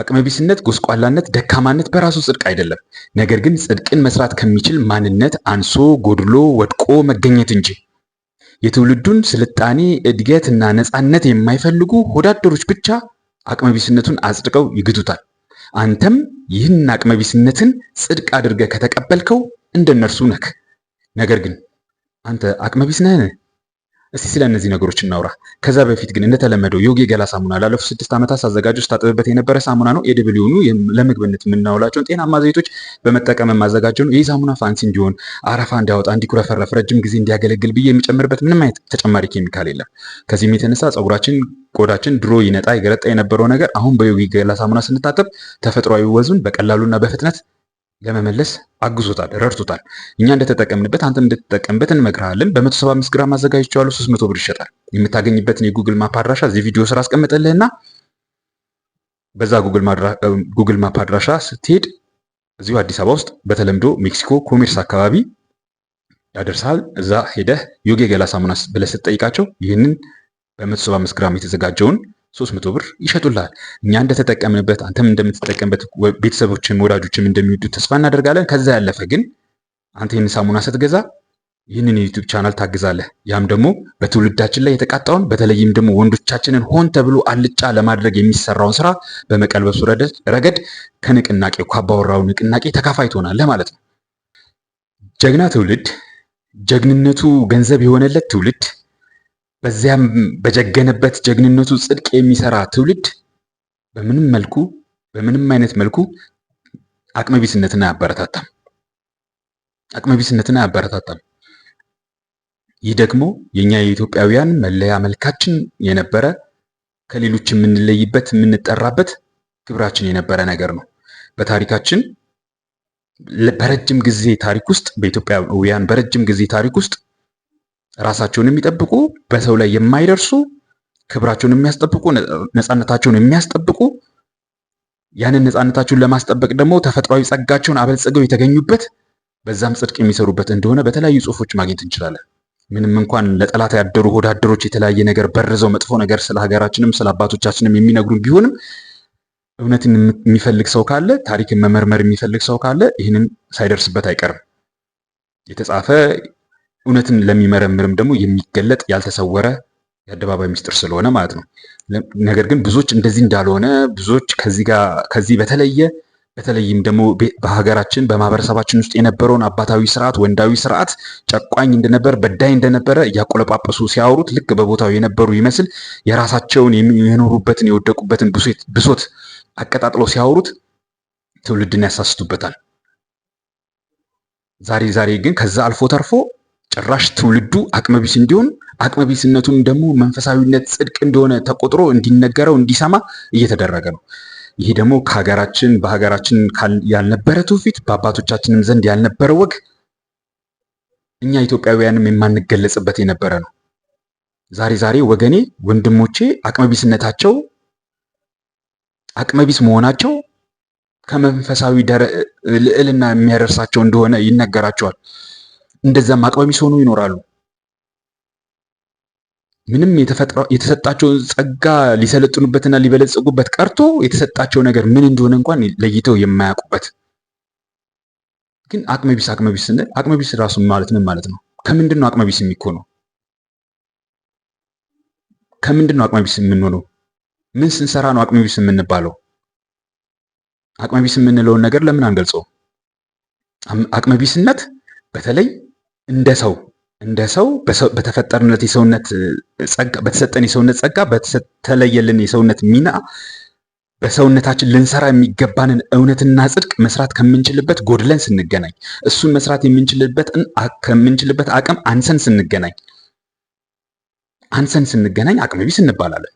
አቅመቢስነት፣ ጎስቋላነት፣ ደካማነት በራሱ ጽድቅ አይደለም፣ ነገር ግን ጽድቅን መስራት ከሚችል ማንነት አንሶ ጎድሎ ወድቆ መገኘት እንጂ። የትውልዱን ስልጣኔ እድገት እና ነፃነት የማይፈልጉ ሆዳደሮች ብቻ አቅመቢስነቱን አጽድቀው ይግቱታል። አንተም ይህን አቅመቢስነትን ጽድቅ አድርገህ ከተቀበልከው እንደነርሱ ነክ። ነገር ግን አንተ አቅመቢስ ነህን? እስቲ ስለ እነዚህ ነገሮች እናውራ። ከዛ በፊት ግን እንደተለመደው ዮጊ የገላ ሳሙና ላለፉት ስድስት ዓመታት ሳዘጋጀው ስታጥብበት የነበረ ሳሙና ነው። ኤድብል ለምግብነት የምናውላቸውን ጤናማ ዘይቶች በመጠቀም የማዘጋጀው ነው። ይህ ሳሙና ፋንሲ እንዲሆን፣ አረፋ እንዲያወጣ፣ እንዲኩረፈረፍ፣ ረጅም ጊዜ እንዲያገለግል ብዬ የሚጨምርበት ምንም አይነት ተጨማሪ ኬሚካል የለም። ከዚህም የተነሳ ጸጉራችን ቆዳችን ድሮ ይነጣ ይገረጣ የነበረው ነገር አሁን በዮጊ ገላ ሳሙና ስንታጠብ ተፈጥሯዊ ወዙን በቀላሉና በፍጥነት ለመመለስ አግዞታል፣ ረድቶታል። እኛ እንደተጠቀምንበት አንተ እንደተጠቀምበት እንመክርሃለን። በ175 ግራም አዘጋጅቼዋለሁ፣ 300 ብር ይሸጣል። የምታገኝበትን የጉግል ማፕ አድራሻ እዚህ ቪዲዮ ስራ አስቀምጠልህና በዛ ጉግል ማፕ አድራሻ ስትሄድ እዚሁ አዲስ አበባ ውስጥ በተለምዶ ሜክሲኮ ኮሜርስ አካባቢ ያደርሳል። እዛ ሄደህ ዮጊ ገላ ሳሙና ብለህ ስትጠይቃቸው ይህንን በ175 ግራም የተዘጋጀውን ሶስት መቶ ብር ይሸጡልሃል። እኛ እንደተጠቀምንበት አንተም እንደምትጠቀምበት ቤተሰቦችም ወዳጆችም እንደሚወዱ ተስፋ እናደርጋለን። ከዛ ያለፈ ግን አንተ ይህን ሳሙና ስትገዛ ይህንን የዩቱብ ቻናል ታግዛለህ። ያም ደግሞ በትውልዳችን ላይ የተቃጣውን በተለይም ደግሞ ወንዶቻችንን ሆን ተብሎ አልጫ ለማድረግ የሚሰራውን ስራ በመቀልበሱ ረገድ ከንቅናቄ ከአባወራው ንቅናቄ ተካፋይ ትሆናለህ ማለት ነው። ጀግና ትውልድ፣ ጀግንነቱ ገንዘብ የሆነለት ትውልድ በዚያም በጀገነበት ጀግንነቱ ጽድቅ የሚሰራ ትውልድ በምንም መልኩ በምንም አይነት መልኩ አቅመቢስነትን አያበረታታም። አቅመቢስነትን አያበረታታም። ይህ ደግሞ የኛ የኢትዮጵያውያን መለያ መልካችን የነበረ ከሌሎች የምንለይበት የምንጠራበት ክብራችን የነበረ ነገር ነው። በታሪካችን በረጅም ጊዜ ታሪክ ውስጥ በኢትዮጵያውያን በረጅም ጊዜ ታሪክ ውስጥ ራሳቸውን የሚጠብቁ በሰው ላይ የማይደርሱ ክብራቸውን የሚያስጠብቁ ነፃነታቸውን የሚያስጠብቁ ያንን ነፃነታቸውን ለማስጠበቅ ደግሞ ተፈጥሯዊ ጸጋቸውን አበልጽገው የተገኙበት በዛም ጽድቅ የሚሰሩበት እንደሆነ በተለያዩ ጽሁፎች ማግኘት እንችላለን። ምንም እንኳን ለጠላት ያደሩ ወዳደሮች የተለያየ ነገር በርዘው መጥፎ ነገር ስለ ሀገራችንም ስለ አባቶቻችንም የሚነግሩን ቢሆንም እውነትን የሚፈልግ ሰው ካለ ታሪክን መመርመር የሚፈልግ ሰው ካለ ይህንን ሳይደርስበት አይቀርም። የተጻፈ እውነትን ለሚመረምርም ደግሞ የሚገለጥ ያልተሰወረ የአደባባይ ሚስጥር ስለሆነ ማለት ነው። ነገር ግን ብዙዎች እንደዚህ እንዳልሆነ ብዙዎች ከዚህ በተለየ በተለይም ደግሞ በሀገራችን በማህበረሰባችን ውስጥ የነበረውን አባታዊ ስርዓት፣ ወንዳዊ ስርዓት ጨቋኝ እንደነበር በዳይ እንደነበረ እያቆለጳጰሱ ሲያወሩት ልክ በቦታው የነበሩ ይመስል የራሳቸውን የኖሩበትን የወደቁበትን ብሶት አቀጣጥለው ሲያወሩት ትውልድን ያሳስቱበታል። ዛሬ ዛሬ ግን ከዛ አልፎ ተርፎ ጭራሽ ትውልዱ አቅመቢስ እንዲሆን አቅመቢስነቱን ደግሞ መንፈሳዊነት ጽድቅ እንደሆነ ተቆጥሮ እንዲነገረው እንዲሰማ እየተደረገ ነው። ይሄ ደግሞ ከሀገራችን በሀገራችን ያልነበረ ትውፊት በአባቶቻችንም ዘንድ ያልነበረ ወግ እኛ ኢትዮጵያውያንም የማንገለጽበት የነበረ ነው። ዛሬ ዛሬ ወገኔ ወንድሞቼ አቅመቢስነታቸው አቅመቢስ መሆናቸው ከመንፈሳዊ ልዕልና የሚያደርሳቸው እንደሆነ ይነገራቸዋል። እንደዛም አቅባቢ ሲሆኑ ይኖራሉ። ምንም የተሰጣቸውን ጸጋ ሊሰለጥኑበትና ሊበለጽጉበት ቀርቶ የተሰጣቸው ነገር ምን እንደሆነ እንኳን ለይተው የማያውቁበት ግን አቅመቢስ አቅመቢስ ስንል አቅመቢስ ራሱ ማለት ምን ማለት ነው? ከምንድን ነው አቅመቢስ የሚኮነው? ከምንድን ነው አቅመቢስ የምንሆነው? ምን ስንሰራ ነው አቅመቢስ የምንባለው? አቅመቢስ የምንለውን ነገር ለምን አንገልጸው? አቅመቢስነት በተለይ እንደ ሰው እንደ ሰው በተፈጠርነት የሰውነት ጸጋ በተሰጠን የሰውነት ጸጋ በተለየልን የሰውነት ሚና በሰውነታችን ልንሰራ የሚገባንን እውነትና ጽድቅ መስራት ከምንችልበት ጎድለን ስንገናኝ፣ እሱን መስራት የምንችልበትን ከምንችልበት አቅም አንሰን ስንገናኝ አንሰን ስንገናኝ አቅመቢስ እንባላለን።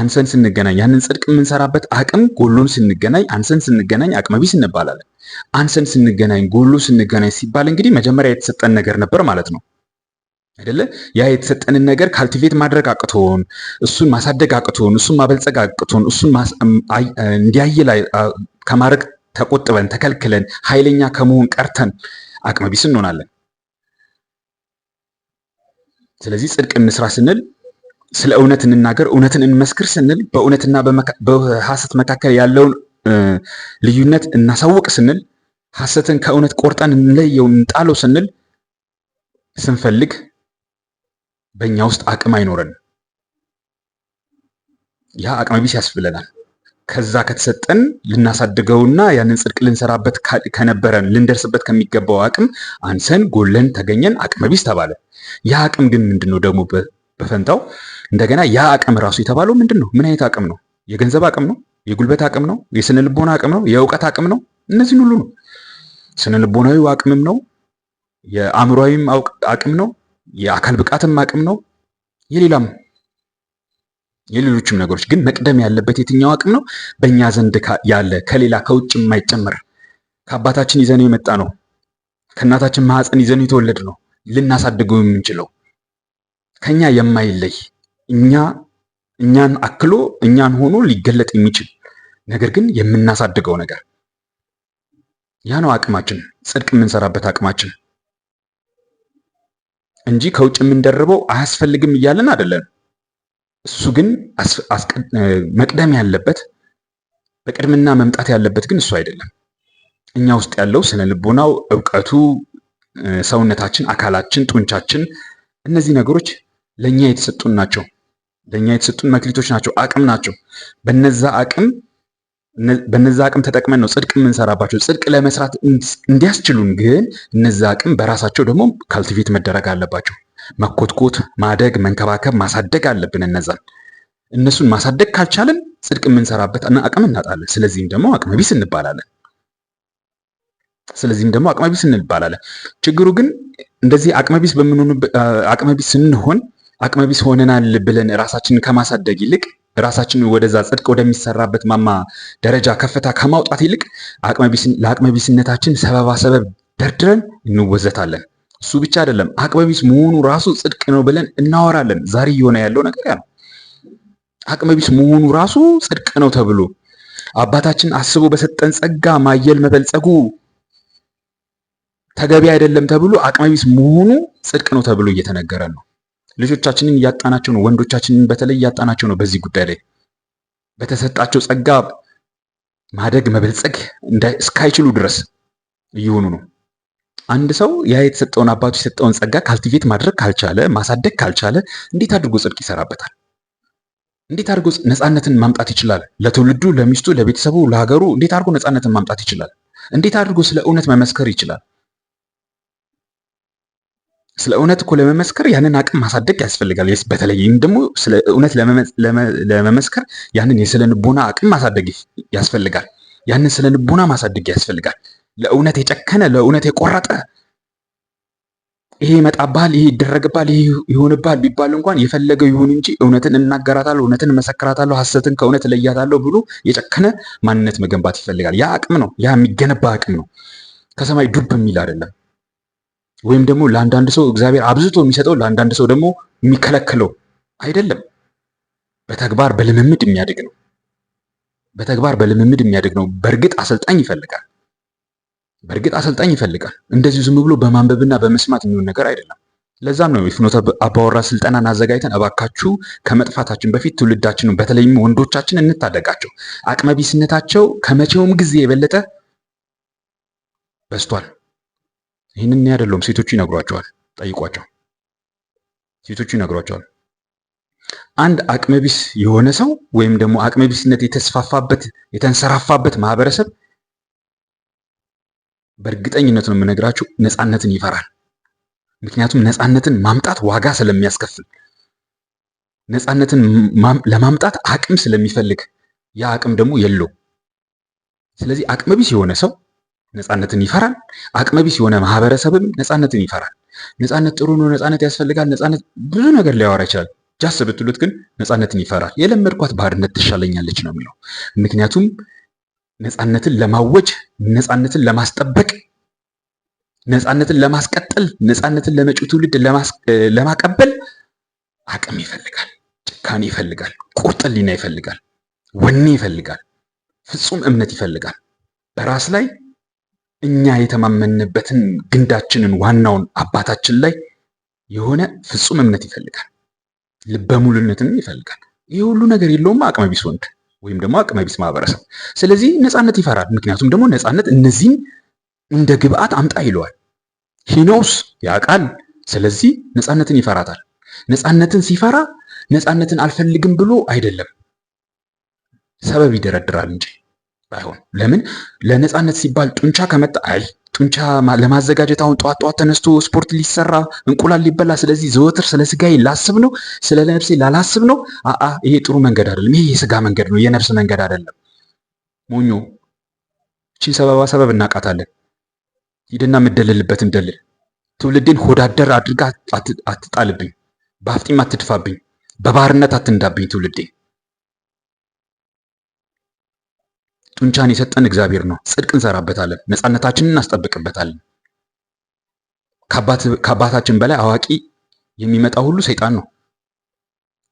አንሰን ስንገናኝ ያንን ጽድቅ የምንሰራበት አቅም ጎሎን ስንገናኝ አንሰን ስንገናኝ አቅመቢስ እንባላለን። አንሰን ስንገናኝ ጎሎ ስንገናኝ ሲባል እንግዲህ መጀመሪያ የተሰጠን ነገር ነበር ማለት ነው አይደለ? ያ የተሰጠንን ነገር ካልቲቬት ማድረግ አቅቶን፣ እሱን ማሳደግ አቅቶን፣ እሱን ማበልጸግ አቅቶን፣ እሱን እንዲያየላ ከማድረግ ተቆጥበን ተከልክለን ኃይለኛ ከመሆን ቀርተን አቅመቢስ እንሆናለን። ስለዚህ ጽድቅ እንስራ ስንል ስለ እውነት እንናገር፣ እውነትን እንመስክር ስንል በእውነትና በሐሰት መካከል ያለውን ልዩነት እናሳውቅ ስንል ሐሰትን ከእውነት ቆርጠን እንለየው እንጣለው ስንል ስንፈልግ በእኛ ውስጥ አቅም አይኖረን ያ አቅመ ቢስ ያስብለናል። ከዛ ከተሰጠን ልናሳድገውና ያንን ጽድቅ ልንሰራበት ከነበረን ልንደርስበት ከሚገባው አቅም አንሰን ጎለን ተገኘን፣ አቅመ ቢስ ተባለ። ያ አቅም ግን ምንድን ነው ደግሞ በፈንታው እንደገና ያ አቅም ራሱ የተባለው ምንድን ነው? ምን አይነት አቅም ነው? የገንዘብ አቅም ነው? የጉልበት አቅም ነው? የስነ ልቦና አቅም ነው? የእውቀት አቅም ነው? እነዚህን ሁሉ ነው። ስነ ልቦናዊ አቅምም ነው፣ የአእምሯዊም አቅም ነው፣ የአካል ብቃትም አቅም ነው፣ የሌላም የሌሎችም ነገሮች ግን መቅደም ያለበት የትኛው አቅም ነው? በእኛ ዘንድ ያለ ከሌላ ከውጭ የማይጨምር ከአባታችን ይዘነው የመጣ ነው። ከእናታችን ማህፀን ይዘነው የተወለድ ነው ልናሳድገው የምንችለው ከኛ የማይለይ እኛ እኛን አክሎ እኛን ሆኖ ሊገለጥ የሚችል ነገር ግን የምናሳድገው ነገር ያ ነው አቅማችን፣ ጽድቅ የምንሰራበት አቅማችን እንጂ ከውጭ የምንደርበው አያስፈልግም እያለን አይደለም። እሱ ግን መቅደም ያለበት በቅድምና መምጣት ያለበት ግን እሱ አይደለም። እኛ ውስጥ ያለው ስነ ልቦናው፣ እውቀቱ፣ ሰውነታችን፣ አካላችን፣ ጡንቻችን እነዚህ ነገሮች ለእኛ የተሰጡን ናቸው። ለእኛ የተሰጡን መክሊቶች ናቸው፣ አቅም ናቸው። በነዛ አቅም በነዛ አቅም ተጠቅመን ነው ጽድቅ የምንሰራባቸው። ጽድቅ ለመስራት እንዲያስችሉን ግን እነዛ አቅም በራሳቸው ደግሞ ካልቲቬት መደረግ አለባቸው። መኮትኮት፣ ማደግ፣ መንከባከብ፣ ማሳደግ አለብን። እነዛን እነሱን ማሳደግ ካልቻለን ጽድቅ የምንሰራበት አቅም እናጣለን። ስለዚህም ደግሞ አቅመቢስ እንባላለን። ስለዚህም ደግሞ ቢስ እንባላለን። ችግሩ ግን እንደዚህ አቅመቢስ አቅመ አቅመቢስ ስንሆን አቅመቢስ ሆነናል ብለን ራሳችንን ከማሳደግ ይልቅ ራሳችንን ወደዛ ጽድቅ ወደሚሰራበት ማማ ደረጃ ከፍታ ከማውጣት ይልቅ ለአቅመቢስነታችን ሰበባ ሰበብ ደርድረን እንወዘታለን። እሱ ብቻ አይደለም፣ አቅመቢስ መሆኑ ራሱ ጽድቅ ነው ብለን እናወራለን። ዛሬ እየሆነ ያለው ነገር ያ ነው። አቅመቢስ መሆኑ ራሱ ጽድቅ ነው ተብሎ አባታችን አስቦ በሰጠን ጸጋ ማየል መበልጸጉ ተገቢ አይደለም ተብሎ አቅመቢስ መሆኑ ጽድቅ ነው ተብሎ እየተነገረ ነው። ልጆቻችንን እያጣናቸው ነው። ወንዶቻችንን በተለይ እያጣናቸው ነው። በዚህ ጉዳይ ላይ በተሰጣቸው ጸጋ ማደግ መበልጸግ እስካይችሉ ድረስ እየሆኑ ነው። አንድ ሰው ያ የተሰጠውን አባቱ የሰጠውን ጸጋ ካልቲቬት ማድረግ ካልቻለ ማሳደግ ካልቻለ እንዴት አድርጎ ጽድቅ ይሰራበታል? እንዴት አድርጎ ነፃነትን ማምጣት ይችላል? ለትውልዱ፣ ለሚስቱ፣ ለቤተሰቡ፣ ለሀገሩ እንዴት አድርጎ ነፃነትን ማምጣት ይችላል? እንዴት አድርጎ ስለ እውነት መመስከር ይችላል? ስለ እውነት እኮ ለመመስከር ያንን አቅም ማሳደግ ያስፈልጋል። በተለይ ይህም ደግሞ ስለ እውነት ለመመስከር ያንን የስለ ንቦና አቅም ማሳደግ ያስፈልጋል። ያንን ስለ ንቦና ማሳደግ ያስፈልጋል። ለእውነት የጨከነ ለእውነት የቆረጠ ይሄ ይመጣባል፣ ይሄ ይደረግባል፣ ይሄ ይሆንባል ቢባል እንኳን የፈለገው ይሁን እንጂ እውነትን እናገራታለሁ፣ እውነትን መሰክራታለሁ፣ ሐሰትን ከእውነት ለያታለሁ ብሎ የጨከነ ማንነት መገንባት ይፈልጋል። ያ አቅም ነው፣ ያ የሚገነባ አቅም ነው። ከሰማይ ዱብ የሚል አይደለም። ወይም ደግሞ ለአንዳንድ ሰው እግዚአብሔር አብዝቶ የሚሰጠው ለአንዳንድ ሰው ደግሞ የሚከለክለው አይደለም። በተግባር በልምምድ የሚያድግ ነው። በተግባር በልምምድ የሚያድግ ነው። በእርግጥ አሰልጣኝ ይፈልጋል። በእርግጥ አሰልጣኝ ይፈልጋል። እንደዚህ ዝም ብሎ በማንበብና በመስማት የሚሆን ነገር አይደለም። ለዛም ነው የፍኖተ አባወራ ስልጠናን አዘጋጅተን እባካችሁ ከመጥፋታችን በፊት ትውልዳችንን በተለይም ወንዶቻችን እንታደጋቸው። አቅመቢስነታቸው ከመቼውም ጊዜ የበለጠ በዝቷል። ይህንን እኔ ሴቶቹ ይነግሯቸዋል። ጠይቋቸው፣ ሴቶቹ ይነግሯቸዋል። አንድ አቅመቢስ የሆነ ሰው ወይም ደግሞ አቅመቢስነት የተስፋፋበት የተንሰራፋበት ማህበረሰብ በእርግጠኝነት ነው የምነግራቸው፣ ነፃነትን ይፈራል። ምክንያቱም ነፃነትን ማምጣት ዋጋ ስለሚያስከፍል፣ ነፃነትን ለማምጣት አቅም ስለሚፈልግ፣ ያ አቅም ደግሞ የለው። ስለዚህ አቅመቢስ የሆነ ሰው ነፃነትን ይፈራል። አቅመቢስ የሆነ ማህበረሰብም ነፃነትን ይፈራል። ነፃነት ጥሩ ነው፣ ነፃነት ያስፈልጋል፣ ነፃነት ብዙ ነገር ሊያወራ ይችላል። ጃስ ብትሉት ግን ነፃነትን ይፈራል። የለመድኳት ባርነት ትሻለኛለች ነው የሚለው። ምክንያቱም ነፃነትን ለማወጅ፣ ነፃነትን ለማስጠበቅ፣ ነፃነትን ለማስቀጠል፣ ነፃነትን ለመጪው ትውልድ ለማቀበል አቅም ይፈልጋል፣ ጭካኔ ይፈልጋል፣ ቁርጥሊና ይፈልጋል፣ ወኔ ይፈልጋል፣ ፍጹም እምነት ይፈልጋል በራስ ላይ እኛ የተማመንበትን ግንዳችንን ዋናውን አባታችን ላይ የሆነ ፍጹም እምነት ይፈልጋል። ልበ ይፈልጋል። ይህ ሁሉ ነገር የለውም አቅመቢስ ወንድ ወይም ደግሞ አቅመቢስ ማህበረሰብ። ስለዚህ ነፃነት ይፈራል። ምክንያቱም ደግሞ ነፃነት እነዚህን እንደ ግብአት አምጣ ይለዋል። ሂኖስ ያውቃል። ስለዚህ ነፃነትን ይፈራታል። ነፃነትን ሲፈራ ነፃነትን አልፈልግም ብሎ አይደለም፣ ሰበብ ይደረድራል እንጂ አይሆን። ለምን ለነፃነት ሲባል ጡንቻ ከመጣ አይ ጡንቻ ለማዘጋጀት አሁን ጠዋት ጠዋት ተነስቶ ስፖርት ሊሰራ እንቁላል ሊበላ። ስለዚህ ዘወትር ስለ ስጋዬ ላስብ ነው፣ ስለ ነፍሴ ላላስብ ነው። አአ ይሄ ጥሩ መንገድ አይደለም። ይሄ የስጋ መንገድ ነው፣ የነፍስ መንገድ አይደለም። ሞኞ እቺን ሰበባ ሰበብ እናቃታለን። ሂድና የምደልልበትን ደልል። ትውልዴን ሆዳደር አድርጋ አትጣልብኝ፣ በአፍጢም አትድፋብኝ፣ በባህርነት አትንዳብኝ ትውልዴ ጡንቻን የሰጠን እግዚአብሔር ነው። ጽድቅ እንሰራበታለን፣ ነፃነታችንን እናስጠብቅበታለን። ከአባታችን በላይ አዋቂ የሚመጣ ሁሉ ሰይጣን ነው።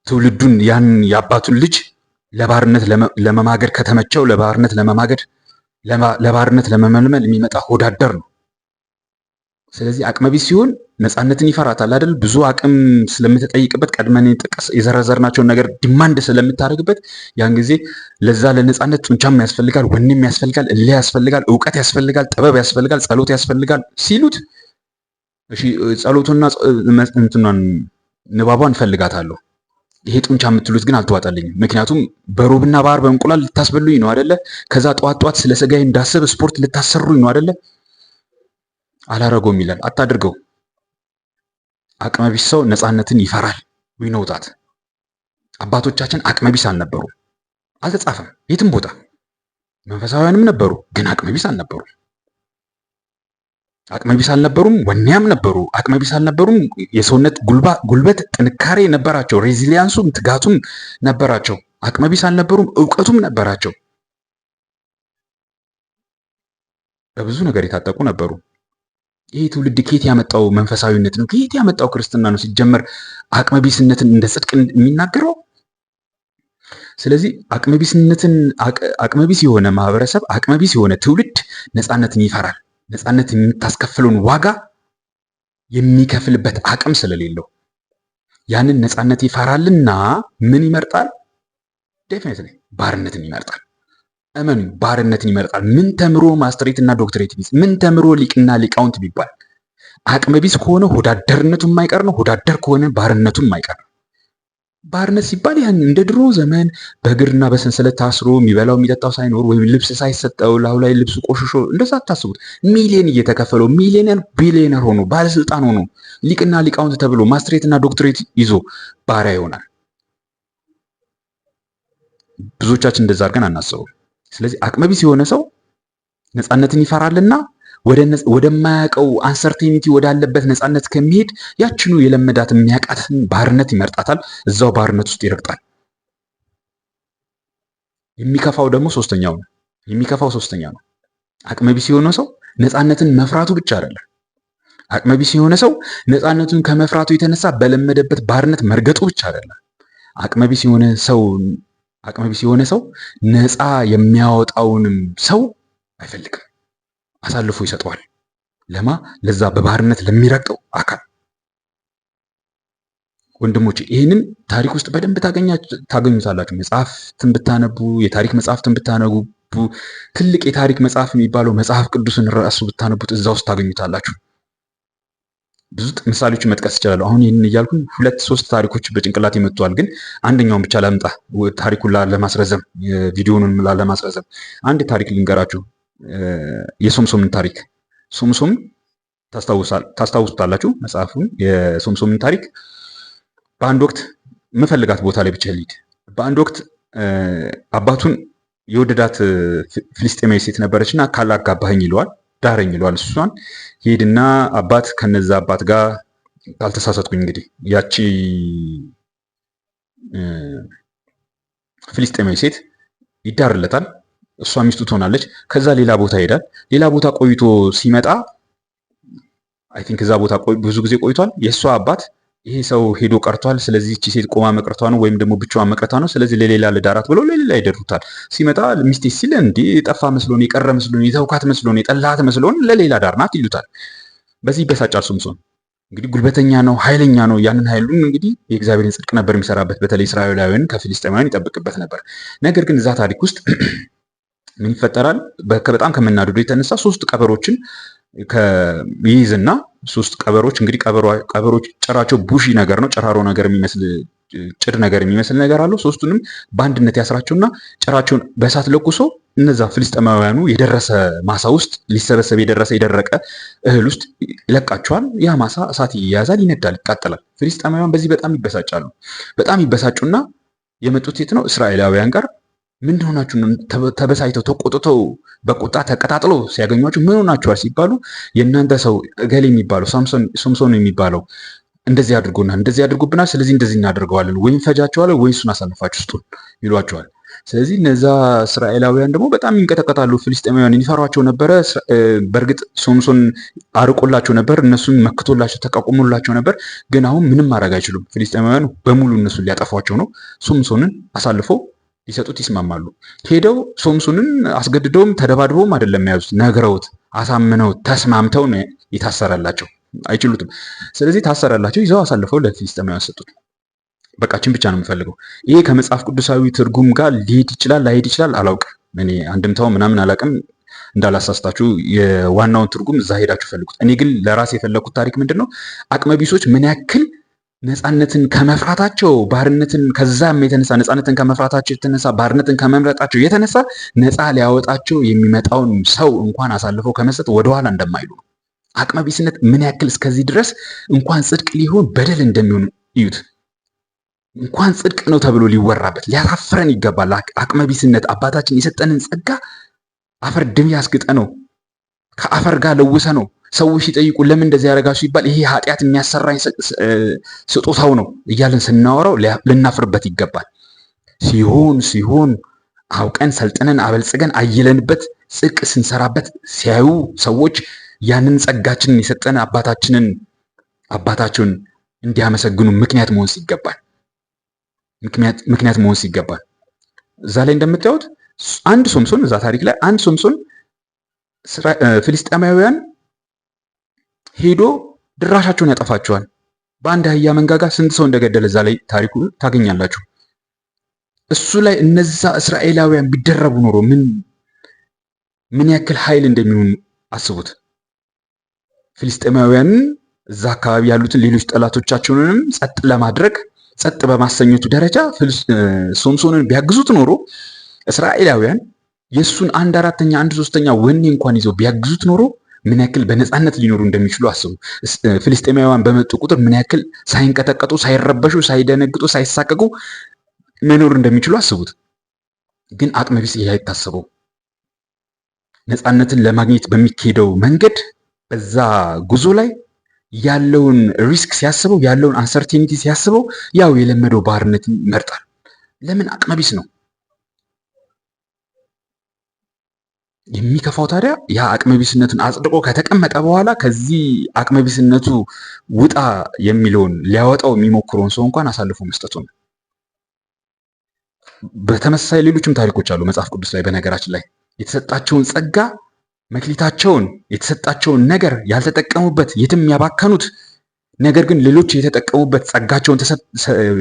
ትውልዱን ያን የአባቱን ልጅ ለባርነት ለመማገድ ከተመቸው ለባርነት ለመማገድ ለባርነት ለመመልመል የሚመጣ ሆዳደር ነው። ስለዚህ አቅመቢስ ሲሆን ነፃነትን ይፈራታል አይደል? ብዙ አቅም ስለምትጠይቅበት ቀድመን ጥቀስ የዘረዘርናቸውን ነገር ዲማንድ ስለምታደርግበት ያን ጊዜ ለዛ ለነፃነት ጡንቻም ያስፈልጋል፣ ወኔም ያስፈልጋል፣ እልህ ያስፈልጋል፣ እውቀት ያስፈልጋል፣ ጥበብ ያስፈልጋል፣ ጸሎት ያስፈልጋል ሲሉት እሺ ጸሎቱና እንትናን ንባቧን እፈልጋታለሁ ይሄ ጡንቻ የምትሉት ግን አልተዋጣልኝም። ምክንያቱም በሮብና ባህር በእንቁላል ልታስበሉኝ ነው አደለ? ከዛ ጠዋት ጠዋት ስለ ስጋዬ እንዳስብ ስፖርት ልታሰሩኝ ነው አደለ? አላረገውም ይላል። አታድርገው። አቅመቢስ ሰው ነፃነትን ይፈራል። ዊኖውጣት አባቶቻችን አቅመቢስ አልነበሩ፣ አልተጻፈም የትም ቦታ። መንፈሳውያንም ነበሩ፣ ግን አቅመቢስ አልነበሩ። አቅመቢስ አልነበሩም፣ ወኔያም ነበሩ። አቅመቢስ አልነበሩም፣ የሰውነት ጉልበት ጥንካሬ ነበራቸው። ሬዚሊያንሱም ትጋቱም ነበራቸው። አቅመቢስ አልነበሩም፣ እውቀቱም ነበራቸው። በብዙ ነገር የታጠቁ ነበሩ። ይሄ ትውልድ ከየት ያመጣው መንፈሳዊነት ነው? ከየት ያመጣው ክርስትና ነው? ሲጀመር አቅመቢስነትን እንደ ጽድቅ የሚናገረው። ስለዚህ አቅመቢስነትን አቅመቢስ የሆነ ማህበረሰብ፣ አቅመቢስ የሆነ ትውልድ ነፃነትን ይፈራል። ነፃነት የምታስከፍለውን ዋጋ የሚከፍልበት አቅም ስለሌለው ያንን ነፃነት ይፈራልና ምን ይመርጣል? ዴፊኒትሊ ባርነትን ይመርጣል። እመኑኝ ባርነትን ይመርጣል። ምን ተምሮ ማስተሬት እና ዶክትሬት ቢስ፣ ምን ተምሮ ሊቅና ሊቃውንት ቢባል፣ አቅመ ቢስ ከሆነ ሆዳደርነቱ የማይቀር ነው። ሆዳደር ከሆነ ባርነቱ የማይቀር ነው። ባርነት ሲባል ያን እንደ ድሮ ዘመን በእግርና በሰንሰለት ታስሮ የሚበላው የሚጠጣው ሳይኖር ወይም ልብስ ሳይሰጠው ላሁ ላይ ልብሱ ቆሽሾ እንደዛ አታስቡት። ሚሊየን እየተከፈለው ሚሊየነር ቢሊየነር ሆኖ ባለስልጣን ሆኖ ሊቅና ሊቃውንት ተብሎ ማስትሬትና ዶክትሬት ይዞ ባሪያ ይሆናል። ብዙዎቻችን እንደዛ አድርገን አናስበው። ስለዚህ አቅመቢስ የሆነ ሰው ነፃነትን ይፈራልና ወደማያውቀው አንሰርቴኒቲ ወዳለበት ነፃነት ከሚሄድ ያችኑ የለመዳት የሚያውቃትን ባርነት ይመርጣታል። እዛው ባርነት ውስጥ ይረግጣል። የሚከፋው ደግሞ ሶስተኛው ነው። የሚከፋው ሶስተኛ ነው። አቅመቢስ የሆነ ሰው ነፃነትን መፍራቱ ብቻ አይደለም። አቅመቢስ የሆነ ሰው ነፃነቱን ከመፍራቱ የተነሳ በለመደበት ባርነት መርገጡ ብቻ አይደለም። አቅመቢስ የሆነ ሰው አቅመቢስ ቢስ የሆነ ሰው ነፃ የሚያወጣውንም ሰው አይፈልግም፣ አሳልፎ ይሰጠዋል። ለማ ለዛ በባህርነት ለሚረግጠው አካል ወንድሞች ይህንን ታሪክ ውስጥ በደንብ ታገኙታላችሁ። መጽሐፍትን ብታነቡ፣ የታሪክ መጽሐፍትን ብታነቡ፣ ትልቅ የታሪክ መጽሐፍ የሚባለው መጽሐፍ ቅዱስን ራሱ ብታነቡት እዛ ውስጥ ታገኙታላችሁ። ብዙ ምሳሌዎችን መጥቀስ ይችላሉ። አሁን ይህንን እያልኩኝ ሁለት ሶስት ታሪኮች በጭንቅላት ይመጥተዋል፣ ግን አንደኛውን ብቻ ላምጣ ታሪኩን ለማስረዘም ቪዲዮንም ለማስረዘም አንድ ታሪክ ልንገራችሁ። የሶምሶምን ታሪክ ሶምሶም ታስታውሱታላችሁ። መጽሐፉን የሶምሶምን ታሪክ በአንድ ወቅት ምፈልጋት ቦታ ላይ ብቻ ልሂድ። በአንድ ወቅት አባቱን የወደዳት ፍልስጤማዊ ሴት ነበረች እና ካላጋባህኝ ይለዋል። ዳረኝ ይሏል። እሷን ሄድና አባት ከነዛ አባት ጋር ካልተሳሳትኩኝ እንግዲህ ያቺ ፍልስጤማዊ ሴት ይዳርለታል። እሷ ሚስቱ ትሆናለች። ከዛ ሌላ ቦታ ይሄዳል። ሌላ ቦታ ቆይቶ ሲመጣ አይ ቲንክ እዛ ቦታ ብዙ ጊዜ ቆይቷል። የእሷ አባት ይሄ ሰው ሄዶ ቀርቷል። ስለዚህ እቺ ሴት ቆማ መቅረቷ ነው ወይም ደግሞ ብቻዋ መቅረቷ ነው። ስለዚህ ለሌላ ልዳራት ብሎ ለሌላ ይደሩታል። ሲመጣ ሚስቴ ሲል እንዲ የጠፋ መስሎን የቀረ መስሎን የተውካት መስሎን የጠላት መስሎን ለሌላ ዳርናት ይሉታል። በዚህ ይበሳጫል ሶምሶን። እንግዲህ ጉልበተኛ ነው፣ ኃይለኛ ነው። ያንን ኃይሉን እንግዲህ የእግዚአብሔርን ጽድቅ ነበር የሚሰራበት። በተለይ እስራኤላውያን ከፊልስጤማውያን ይጠብቅበት ነበር። ነገር ግን እዛ ታሪክ ውስጥ ምን ይፈጠራል? በጣም ከመናደዱ የተነሳ ሶስት ቀበሮችን ይይዝና ሶስት ቀበሮች እንግዲህ ቀበሮች ጭራቸው ቡሺ ነገር ነው፣ ጭራሮ ነገር የሚመስል ጭድ ነገር የሚመስል ነገር አለው። ሶስቱንም በአንድነት ያስራቸውና ጭራቸውን በእሳት ለኩሶ እነዛ ፍልስጤማውያኑ የደረሰ ማሳ ውስጥ ሊሰበሰብ የደረሰ የደረቀ እህል ውስጥ ይለቃቸዋል። ያ ማሳ እሳት ይያዛል፣ ይነዳል፣ ይቃጠላል። ፍልስጤማውያን በዚህ በጣም ይበሳጫሉ። በጣም ይበሳጩና የመጡት የት ነው? እስራኤላውያን ጋር ምን ሆናችሁ? ተበሳጭተው ተቆጥተው በቁጣ ተቀጣጥሎ ሲያገኟችሁ ምን ሆናችኋል ሲባሉ የእናንተ ሰው እገሌ የሚባለው ሶምሶን የሚባለው እንደዚህ አድርጎናል፣ እንደዚህ አድርጎብናል፣ ስለዚህ እንደዚህ እናደርገዋለን፣ ወይም ፈጃቸዋለን፣ ወይም እሱን አሳልፋችሁ ስጡን ይሏቸዋል። ስለዚህ እነዛ እስራኤላውያን ደግሞ በጣም ይንቀጠቀጣሉ። ፍልስጤማውያን ይፈሯቸው ነበረ። በእርግጥ ሶምሶን አርቆላቸው ነበር፣ እነሱን መክቶላቸው ተቃቁሞላቸው ነበር። ግን አሁን ምንም ማድረግ አይችሉም። ፍልስጤማውያን በሙሉ እነሱን ሊያጠፏቸው ነው። ሶምሶንን አሳልፈው ሊሰጡት ይስማማሉ። ሄደው ሶምሱንን አስገድደውም ተደባድበውም አይደለም የያዙት፣ ነግረውት አሳምነውት ተስማምተው ነው የታሰረላቸው። አይችሉትም። ስለዚህ ታሰረላቸው፣ ይዘው አሳልፈው ለፊልስጤማውያን ሰጡት። በቃችን ብቻ ነው የምፈልገው። ይሄ ከመጽሐፍ ቅዱሳዊ ትርጉም ጋር ሊሄድ ይችላል ላይሄድ ይችላል አላውቅም። እኔ አንድምታው ምናምን አላውቅም እንዳላሳስታችሁ የዋናውን ትርጉም እዛ ሄዳችሁ ፈልጉት። እኔ ግን ለራስ የፈለግኩት ታሪክ ምንድን ነው አቅመቢሶች ምን ያክል ነፃነትን ከመፍራታቸው ባርነትን ከዛም የተነሳ ነፃነትን ከመፍራታቸው የተነሳ ባርነትን ከመምረጣቸው የተነሳ ነፃ ሊያወጣቸው የሚመጣውን ሰው እንኳን አሳልፈው ከመስጠት ወደኋላ እንደማይሉ ነው። አቅመቢስነት ምን ያክል እስከዚህ ድረስ እንኳን ጽድቅ ሊሆን በደል እንደሚሆን እዩት። እንኳን ጽድቅ ነው ተብሎ ሊወራበት ሊያሳፍረን ይገባል። አቅመቢስነት አባታችን የሰጠንን ጸጋ አፈር ድሜ ያስግጠ ነው ከአፈር ጋር ለውሰ ነው ሰዎች ሲጠይቁ ለምን እንደዚህ ያደረጋችሁ ይባል ይሄ ኃጢአት የሚያሰራኝ ስጦታው ነው እያለን ስናወራው ልናፍርበት ይገባል። ሲሆን ሲሆን አውቀን ሰልጥነን አበልጽገን አይለንበት ጽድቅ ስንሰራበት ሲያዩ ሰዎች ያንን ጸጋችንን የሰጠን አባታችንን አባታቸውን እንዲያመሰግኑ ምክንያት መሆን ሲገባል ምክንያት መሆን ሲገባል። እዛ ላይ እንደምታዩት አንድ ሶምሶን እዛ ታሪክ ላይ አንድ ሶምሶን ፍልስጤማውያን ሄዶ ድራሻቸውን ያጠፋቸዋል። በአንድ አህያ መንጋጋ ስንት ሰው እንደገደለ እዛ ላይ ታሪኩ ታገኛላችሁ። እሱ ላይ እነዛ እስራኤላውያን ቢደረቡ ኖሮ ምን ምን ያክል ኃይል እንደሚሆን አስቡት። ፊልስጤማውያንን እዛ አካባቢ ያሉትን ሌሎች ጠላቶቻቸውንም ጸጥ ለማድረግ ጸጥ በማሰኘቱ ደረጃ ሶምሶንን ቢያግዙት ኖሮ እስራኤላውያን የእሱን አንድ አራተኛ አንድ ሶስተኛ ወኔ እንኳን ይዘው ቢያግዙት ኖሮ ምን ያክል በነፃነት ሊኖሩ እንደሚችሉ አስቡ። ፍልስጤማውያን በመጡ ቁጥር ምን ያክል ሳይንቀጠቀጡ፣ ሳይረበሹ፣ ሳይደነግጡ፣ ሳይሳቀቁ መኖር እንደሚችሉ አስቡት። ግን አቅመ ቢስ ይህ አይታሰበው። ነፃነትን ለማግኘት በሚካሄደው መንገድ በዛ ጉዞ ላይ ያለውን ሪስክ ሲያስበው፣ ያለውን አንሰርቴኒቲ ሲያስበው፣ ያው የለመደው ባርነትን ይመርጣል። ለምን አቅመ ቢስ ነው። የሚከፋው ታዲያ ያ አቅመቢስነቱን አጽድቆ ከተቀመጠ በኋላ ከዚህ አቅመቢስነቱ ውጣ የሚለውን ሊያወጣው የሚሞክረውን ሰው እንኳን አሳልፎ መስጠቱ ነው። በተመሳሳይ ሌሎችም ታሪኮች አሉ መጽሐፍ ቅዱስ ላይ። በነገራችን ላይ የተሰጣቸውን ጸጋ መክሊታቸውን የተሰጣቸውን ነገር ያልተጠቀሙበት የትም ያባከኑት ነገር ግን ሌሎች የተጠቀሙበት ጸጋቸውን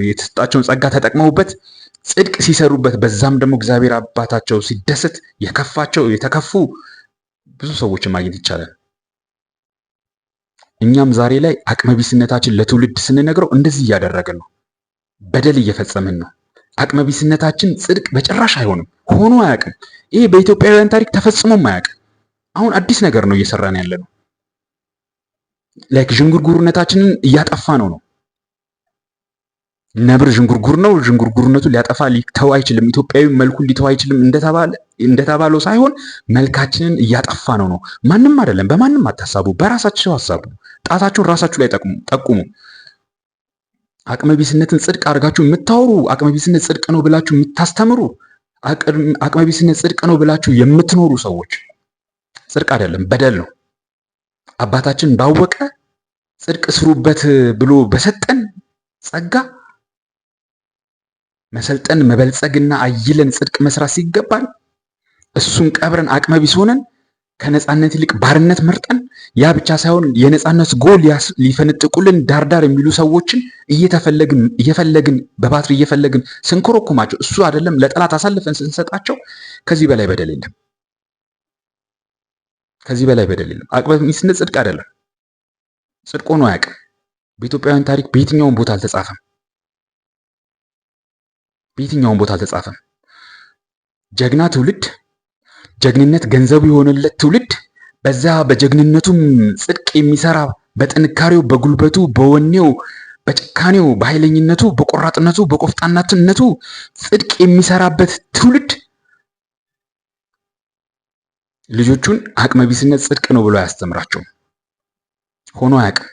የተሰጣቸውን ጸጋ ተጠቅመውበት ጽድቅ ሲሰሩበት በዛም ደግሞ እግዚአብሔር አባታቸው ሲደሰት የከፋቸው የተከፉ ብዙ ሰዎችን ማግኘት ይቻላል። እኛም ዛሬ ላይ አቅመቢስነታችን ለትውልድ ስንነግረው እንደዚህ እያደረግን ነው። በደል እየፈጸምን ነው። አቅመቢስነታችን ጽድቅ በጭራሽ አይሆንም፣ ሆኖ አያውቅም። ይሄ በኢትዮጵያውያን ታሪክ ተፈጽሞም አያውቅም። አሁን አዲስ ነገር ነው እየሰራን ያለ ነው። ላይክ ዥንጉርጉርነታችንን እያጠፋ ነው ነው ነብር ዥንጉርጉር ነው። ዥንጉርጉርነቱ ሊያጠፋ ሊተው አይችልም። ኢትዮጵያዊ መልኩ ሊተው አይችልም እንደተባለው ሳይሆን መልካችንን እያጠፋ ነው ነው። ማንም አይደለም፣ በማንም አታሳቡ፣ በራሳቸው ሀሳቡ ጣታችሁን ራሳችሁ ላይ ጠቁሙ። አቅመቢስነትን ጽድቅ አድርጋችሁ የምታወሩ አቅመቢስነት ጽድቅ ነው ብላችሁ የምታስተምሩ አቅመቢስነት ጽድቅ ነው ብላችሁ የምትኖሩ ሰዎች ጽድቅ አይደለም፣ በደል ነው። አባታችን ባወቀ ጽድቅ ስሩበት ብሎ በሰጠን ጸጋ መሰልጠን መበልጸግና አይለን ጽድቅ መስራት ሲገባን እሱን ቀብረን አቅመ ቢስ ሆነን ከነጻነት ይልቅ ባርነት መርጠን ያ ብቻ ሳይሆን የነጻነት ጎል ሊፈነጥቁልን ዳርዳር የሚሉ ሰዎችን እየተፈለግን እየፈለግን በባትሪ እየፈለግን ስንኮረኩማቸው እሱ አይደለም ለጠላት አሳልፈን ስንሰጣቸው ከዚህ በላይ በደል የለም። ከዚህ በላይ በደል የለም። አቅመ ጽድቅ አይደለም፣ ጽድቆ ነው አያውቅም። በኢትዮጵያውያን ታሪክ በየትኛውም ቦታ አልተጻፈም። በየትኛውም ቦታ አልተጻፈም። ጀግና ትውልድ፣ ጀግንነት ገንዘቡ የሆነለት ትውልድ በዛ በጀግንነቱም ጽድቅ የሚሰራ በጥንካሬው፣ በጉልበቱ፣ በወኔው፣ በጭካኔው፣ በኃይለኝነቱ፣ በቆራጥነቱ፣ በቆፍጣናትነቱ ጽድቅ የሚሰራበት ትውልድ ልጆቹን አቅመቢስነት ጽድቅ ነው ብሎ አያስተምራቸውም። ሆኖ አያውቅም።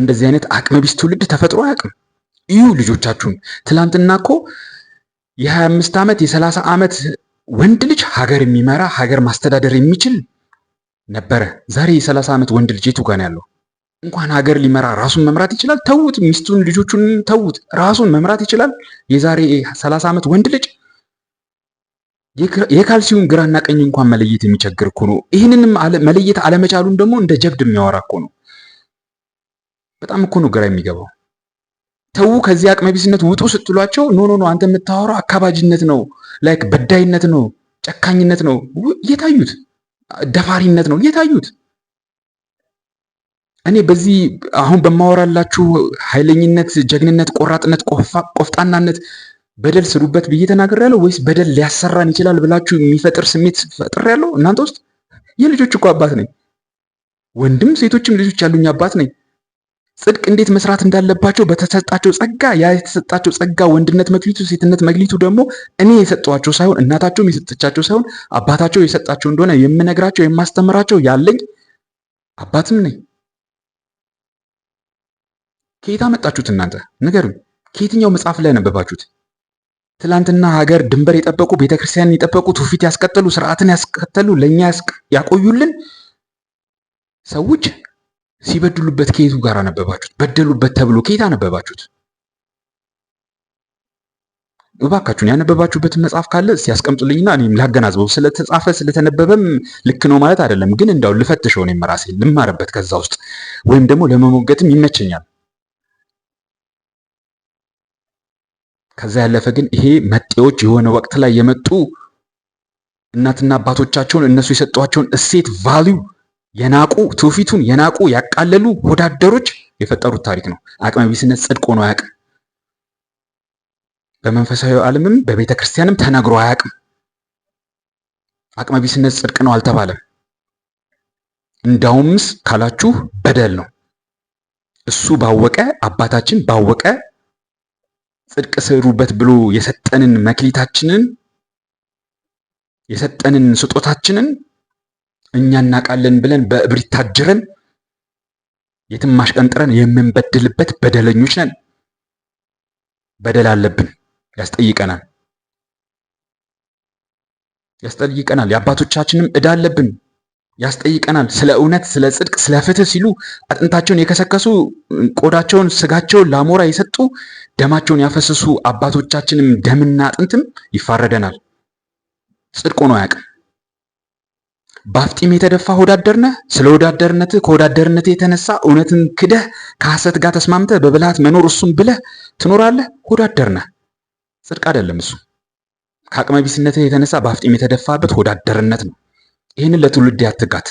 እንደዚህ አይነት አቅመቢስ ትውልድ ተፈጥሮ አያውቅም። እዩ ልጆቻችሁን። ትላንትና እኮ የ25 ዓመት የ30 ዓመት ወንድ ልጅ ሀገር የሚመራ ሀገር ማስተዳደር የሚችል ነበረ። ዛሬ የ30 ዓመት ወንድ ልጅ የቱ ጋር ያለው? እንኳን ሀገር ሊመራ ራሱን መምራት ይችላል። ተዉት፣ ሚስቱን ልጆቹን ተዉት፣ ራሱን መምራት ይችላል። የዛሬ 30 ዓመት ወንድ ልጅ የካልሲውን ግራና ቀኝ እንኳን መለየት የሚቸግር እኮ ነው። ይህንንም መለየት አለመቻሉን ደግሞ እንደ ጀብድ የሚያወራ እኮ ነው። በጣም እኮ ነው ግራ የሚገባው። ተዉ ከዚህ አቅመ ቢስነት ውጡ ስትሏቸው ኖ ኖ ኖ አንተ የምታወራው አካባጅነት ነው፣ ላይክ በዳይነት ነው፣ ጨካኝነት ነው የታዩት፣ ደፋሪነት ነው የታዩት። እኔ በዚህ አሁን በማወራላችሁ ኃይለኝነት፣ ጀግንነት፣ ቆራጥነት፣ ቆፍጣናነት በደል ስሩበት ብዬ ተናገር ያለው ወይስ በደል ሊያሰራን ይችላል ብላችሁ የሚፈጥር ስሜት ፈጥር ያለው እናንተ ውስጥ? የልጆች እኮ አባት ነኝ። ወንድም ሴቶችም ልጆች ያሉኝ አባት ነኝ። ጽድቅ እንዴት መስራት እንዳለባቸው በተሰጣቸው ጸጋ፣ ያ የተሰጣቸው ጸጋ ወንድነት መክሊቱ፣ ሴትነት መክሊቱ ደግሞ እኔ የሰጠዋቸው ሳይሆን እናታቸውም የሰጠቻቸው ሳይሆን አባታቸው የሰጣቸው እንደሆነ የምነግራቸው የማስተምራቸው ያለኝ አባትም ነኝ። ከየት አመጣችሁት እናንተ ንገሩኝ። ከየትኛው መጽሐፍ ላይ ያነበባችሁት? ትላንትና ሀገር ድንበር የጠበቁ ቤተክርስቲያንን የጠበቁ ትውፊት ያስቀጠሉ ስርዓትን ያስከተሉ ለእኛ ያቆዩልን ሰዎች ሲበድሉበት ከየቱ ጋር አነበባችሁት? በደሉበት ተብሎ ከየት አነበባችሁት? እባካችሁን ያነበባችሁበትን መጽሐፍ ካለ እስቲ ያስቀምጡልኝና እኔም ላገናዝበው። ስለተጻፈ ስለተነበበም ልክ ነው ማለት አይደለም፣ ግን እንዳው ልፈትሸው፣ እኔም ራሴ ልማርበት ከዛ ውስጥ ወይም ደግሞ ለመሞገትም ይመቸኛል። ከዛ ያለፈ ግን ይሄ መጤዎች የሆነ ወቅት ላይ የመጡ እናትና አባቶቻቸውን እነሱ የሰጧቸውን እሴት ቫሊዩ የናቁ ትውፊቱን የናቁ ያቃለሉ ወዳደሮች የፈጠሩት ታሪክ ነው። አቅመ ቢስነት ጽድቅ ሆኖ አያውቅም። በመንፈሳዊ ዓለምም በቤተ ክርስቲያንም ተነግሮ አያውቅም። አቅመ ቢስነት ጽድቅ ነው አልተባለም። እንዳውምስ ካላችሁ በደል ነው። እሱ ባወቀ አባታችን ባወቀ ጽድቅ ስሩበት ብሎ የሰጠንን መክሊታችንን የሰጠንን ስጦታችንን እኛ እናቃለን ብለን በእብሪት ታጅረን የትም ማሽቀንጥረን የምንበድልበት በደለኞች ነን። በደል አለብን። ያስጠይቀናል ያስጠይቀናል። የአባቶቻችንም እዳ አለብን። ያስጠይቀናል። ስለ እውነት፣ ስለ ጽድቅ፣ ስለ ፍትህ ሲሉ አጥንታቸውን የከሰከሱ ቆዳቸውን፣ ስጋቸውን ለአሞራ የሰጡ ደማቸውን ያፈሰሱ አባቶቻችንም ደምና አጥንትም ይፋረደናል። ጽድቁ ነው አያውቅም። በአፍጢም የተደፋ ወዳደር ነህ። ስለ ወዳደርነት ከወዳደርነት የተነሳ እውነትን ክደህ ከሐሰት ጋር ተስማምተህ በብልሃት መኖር እሱም ብለህ ትኖራለህ። ወዳደር ነህ። ጽድቅ አይደለም እሱ። ከአቅመ ቢስነትህ የተነሳ በአፍጢም የተደፋበት ወዳደርነት ነው። ይህንን ለትውልድ ያትጋት።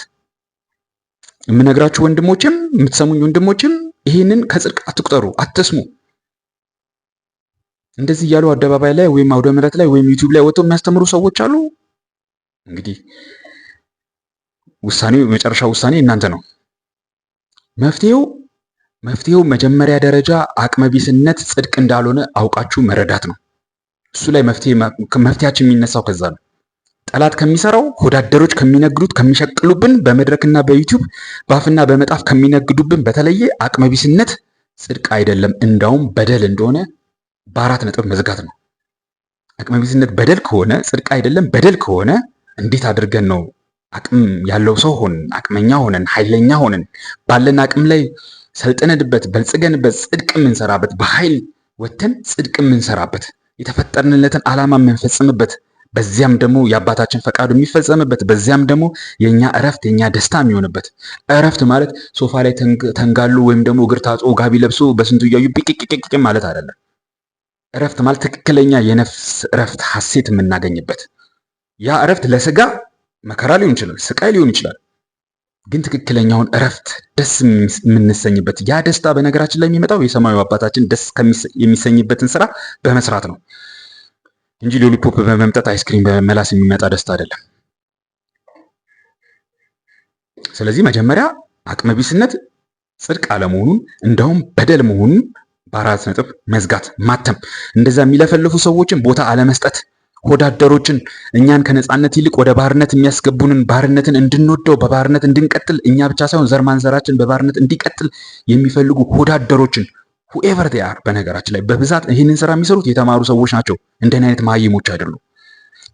የምነግራችሁ ወንድሞችም የምትሰሙኝ ወንድሞችም ይህንን ከጽድቅ አትቁጠሩ፣ አትስሙ። እንደዚህ እያሉ አደባባይ ላይ ወይም አውደ ምሕረት ላይ ወይም ዩቲዩብ ላይ ወጥተው የሚያስተምሩ ሰዎች አሉ እንግዲህ ውሳኔው የመጨረሻ ውሳኔ እናንተ ነው። መፍትሄው መፍትሄው መጀመሪያ ደረጃ አቅመቢስነት ጽድቅ እንዳልሆነ አውቃችሁ መረዳት ነው። እሱ ላይ መፍትሄያችን የሚነሳው ከዛ ነው። ጠላት ከሚሰራው ሆዳደሮች ከሚነግዱት ከሚሸቅሉብን በመድረክና በዩቲዩብ ባፍና በመጣፍ ከሚነግዱብን በተለየ አቅመቢስነት ጽድቅ አይደለም፣ እንዳውም በደል እንደሆነ በአራት ነጥብ መዝጋት ነው። አቅመቢስነት በደል ከሆነ ጽድቅ አይደለም፣ በደል ከሆነ እንዴት አድርገን ነው አቅም ያለው ሰው ሆን አቅመኛ ሆነን ኃይለኛ ሆነን ባለን አቅም ላይ ሰልጥነንበት በልጽገንበት ጽድቅ የምንሰራበት በኃይል ወጥተን ጽድቅ የምንሰራበት የተፈጠርንለትን ዓላማ የምንፈጽምበት በዚያም ደግሞ የአባታችን ፈቃዱ የሚፈጸምበት በዚያም ደግሞ የእኛ እረፍት የእኛ ደስታ የሚሆንበት እረፍት ማለት ሶፋ ላይ ተንጋሉ ወይም ደግሞ እግር ታጥቦ ጋቢ ለብሶ በስንቱ እያዩ ቢቅቅቅቅ ማለት አይደለም። እረፍት ማለት ትክክለኛ የነፍስ እረፍት ሐሴት የምናገኝበት ያ እረፍት ለስጋ መከራ ሊሆን ይችላል፣ ስቃይ ሊሆን ይችላል። ግን ትክክለኛውን እረፍት ደስ የምንሰኝበት ያ ደስታ በነገራችን ላይ የሚመጣው የሰማዩ አባታችን ደስ የሚሰኝበትን ስራ በመስራት ነው እንጂ ሎሊፖፕ በመምጠት አይስክሪም በመላስ የሚመጣ ደስታ አይደለም። ስለዚህ መጀመሪያ አቅመቢስነት ጽድቅ አለመሆኑን እንደውም በደል መሆኑን በአራት ነጥብ መዝጋት ማተም፣ እንደዛ የሚለፈልፉ ሰዎችን ቦታ አለመስጠት ሆዳደሮችን እኛን ከነጻነት ይልቅ ወደ ባርነት የሚያስገቡንን ባርነትን እንድንወደው በባርነት እንድንቀጥል እኛ ብቻ ሳይሆን ዘር ማንዘራችን በባርነት እንዲቀጥል የሚፈልጉ ሆዳደሮችን ሁኤቨር ቴያር በነገራችን ላይ በብዛት ይህንን ስራ የሚሰሩት የተማሩ ሰዎች ናቸው። እንደን አይነት መሀይሞች አይደሉም።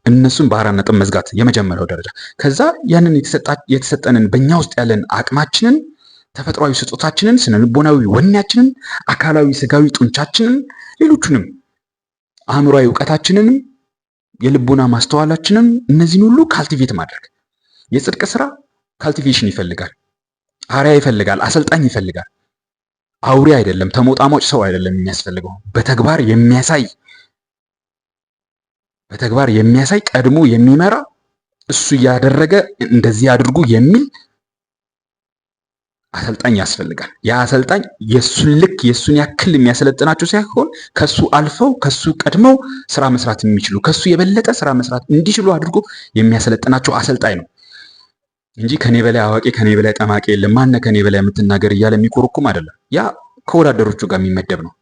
እነሱን ባህራ ነጥብ መዝጋት የመጀመሪያው ደረጃ። ከዛ ያንን የተሰጠንን በእኛ ውስጥ ያለን አቅማችንን፣ ተፈጥሯዊ ስጦታችንን፣ ስነልቦናዊ ወኔያችንን፣ አካላዊ ስጋዊ ጡንቻችንን፣ ሌሎቹንም አእምሯዊ እውቀታችንንም የልቦና ማስተዋላችንም እነዚህን ሁሉ ካልቲቬት ማድረግ የጽድቅ ስራ ካልቲቬሽን ይፈልጋል። አሪያ ይፈልጋል። አሰልጣኝ ይፈልጋል። አውሬ አይደለም፣ ተሞጣሞጭ ሰው አይደለም የሚያስፈልገው በተግባር የሚያሳይ በተግባር የሚያሳይ ቀድሞ የሚመራ እሱ እያደረገ እንደዚህ አድርጉ የሚል አሰልጣኝ ያስፈልጋል። ያ አሰልጣኝ የእሱን ልክ የእሱን ያክል የሚያሰለጥናቸው ሳይሆን ከሱ አልፈው ከሱ ቀድመው ስራ መስራት የሚችሉ ከሱ የበለጠ ስራ መስራት እንዲችሉ አድርጎ የሚያሰለጥናቸው አሰልጣኝ ነው እንጂ ከኔ በላይ አዋቂ ከኔ በላይ ጠማቂ የለም ማነ ከኔ በላይ የምትናገር እያለ የሚኮረኩም አይደለም። ያ ከወዳደሮቹ ጋር የሚመደብ ነው።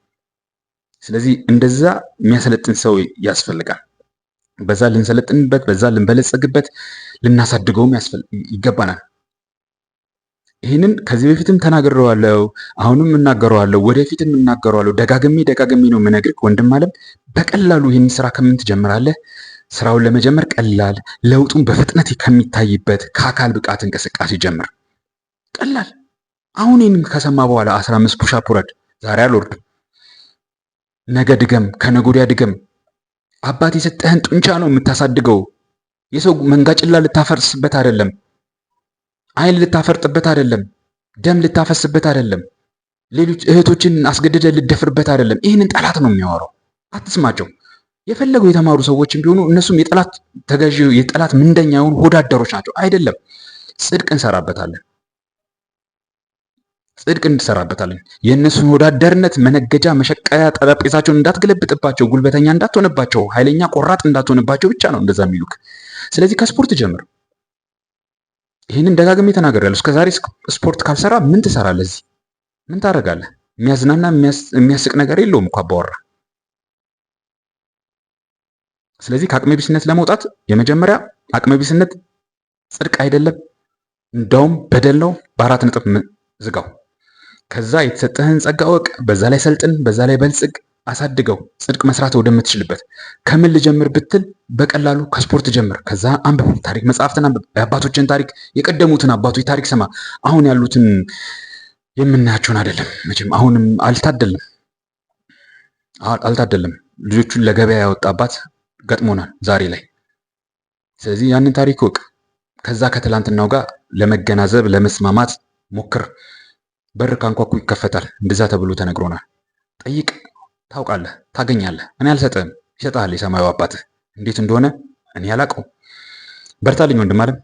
ስለዚህ እንደዛ የሚያሰለጥን ሰው ያስፈልጋል። በዛ ልንሰለጥንበት፣ በዛ ልንበለጸግበት፣ ልናሳድገውም ይገባናል። ይህንን ከዚህ በፊትም ተናግሬዋለሁ፣ አሁንም እናገረዋለሁ፣ ወደፊትም እናገረዋለሁ። ደጋግሜ ደጋግሜ ነው የምነግርህ ወንድም አለም። በቀላሉ ይህን ስራ ከምን ትጀምራለህ? ስራውን ለመጀመር ቀላል፣ ለውጡን በፍጥነት ከሚታይበት ከአካል ብቃት እንቅስቃሴ ጀምር። ቀላል። አሁን ይህን ከሰማ በኋላ 15 ፑሻፕ ውረድ። ዛሬ አልወርድም፣ ነገ ድገም፣ ከነጎዲያ ድገም። አባት የሰጠህን ጡንቻ ነው የምታሳድገው። የሰው መንጋጭላ ልታፈርስበት አይደለም። አይን ልታፈርጥበት አይደለም፣ ደም ልታፈስበት አይደለም፣ ሌሎች እህቶችን አስገድደ ልደፍርበት አይደለም። ይህንን ጠላት ነው የሚያወራው። አትስማቸው። የፈለገው የተማሩ ሰዎችም ቢሆኑ እነሱም የጠላት ተገዢ የጠላት ምንደኛ የሆኑ ሆዳደሮች ናቸው። አይደለም ጽድቅ እንሰራበታለን፣ ጽድቅ እንሰራበታለን። የእነሱን ወዳደርነት መነገጃ መሸቀያ ጠረጴዛቸውን እንዳትገለብጥባቸው፣ ጉልበተኛ እንዳትሆንባቸው፣ ኃይለኛ ቆራጥ እንዳትሆንባቸው ብቻ ነው እንደዛ የሚሉክ። ስለዚህ ከስፖርት ጀምር። ይህንን ደጋግሜ ተናግሬያለሁ። እስከዛሬ ስፖርት ካልሰራ ምን ትሰራለህ? እዚህ ምን ታደርጋለህ? የሚያዝናና የሚያስቅ ነገር የለውም እኮ አባወራ። ስለዚህ ከአቅመ ቢስነት ለመውጣት የመጀመሪያ አቅመ ቢስነት ጽድቅ አይደለም፣ እንዳውም በደል ነው። በአራት ነጥብ ዝጋው። ከዛ የተሰጠህን ጸጋ እወቅ። በዛ ላይ ሰልጥን፣ በዛ ላይ በልጽግ። አሳድገው ጽድቅ መስራት ወደምትችልበት። ከምን ልጀምር ብትል በቀላሉ ከስፖርት ጀምር። ከዛ አንብብ፣ ታሪክ መጽሐፍትን አንብብ፣ የአባቶችን ታሪክ፣ የቀደሙትን አባቶች ታሪክ ስማ። አሁን ያሉትን የምናያቸውን አይደለም። መቼም አሁንም አልታደልም አልታደልም። ልጆቹን ለገበያ ያወጣ አባት ገጥሞናል ዛሬ ላይ። ስለዚህ ያንን ታሪክ ወቅ፣ ከዛ ከትላንትናው ጋር ለመገናዘብ ለመስማማት ሞክር። በር ካንኳኩ ይከፈታል፣ እንደዛ ተብሎ ተነግሮናል። ጠይቅ ታውቃለህ፣ ታገኛለህ። እኔ አልሰጥህም። ይሰጣል የሰማዩ አባትህ። እንዴት እንደሆነ እኔ አላውቀው። በርታልኝ ወንድም አለም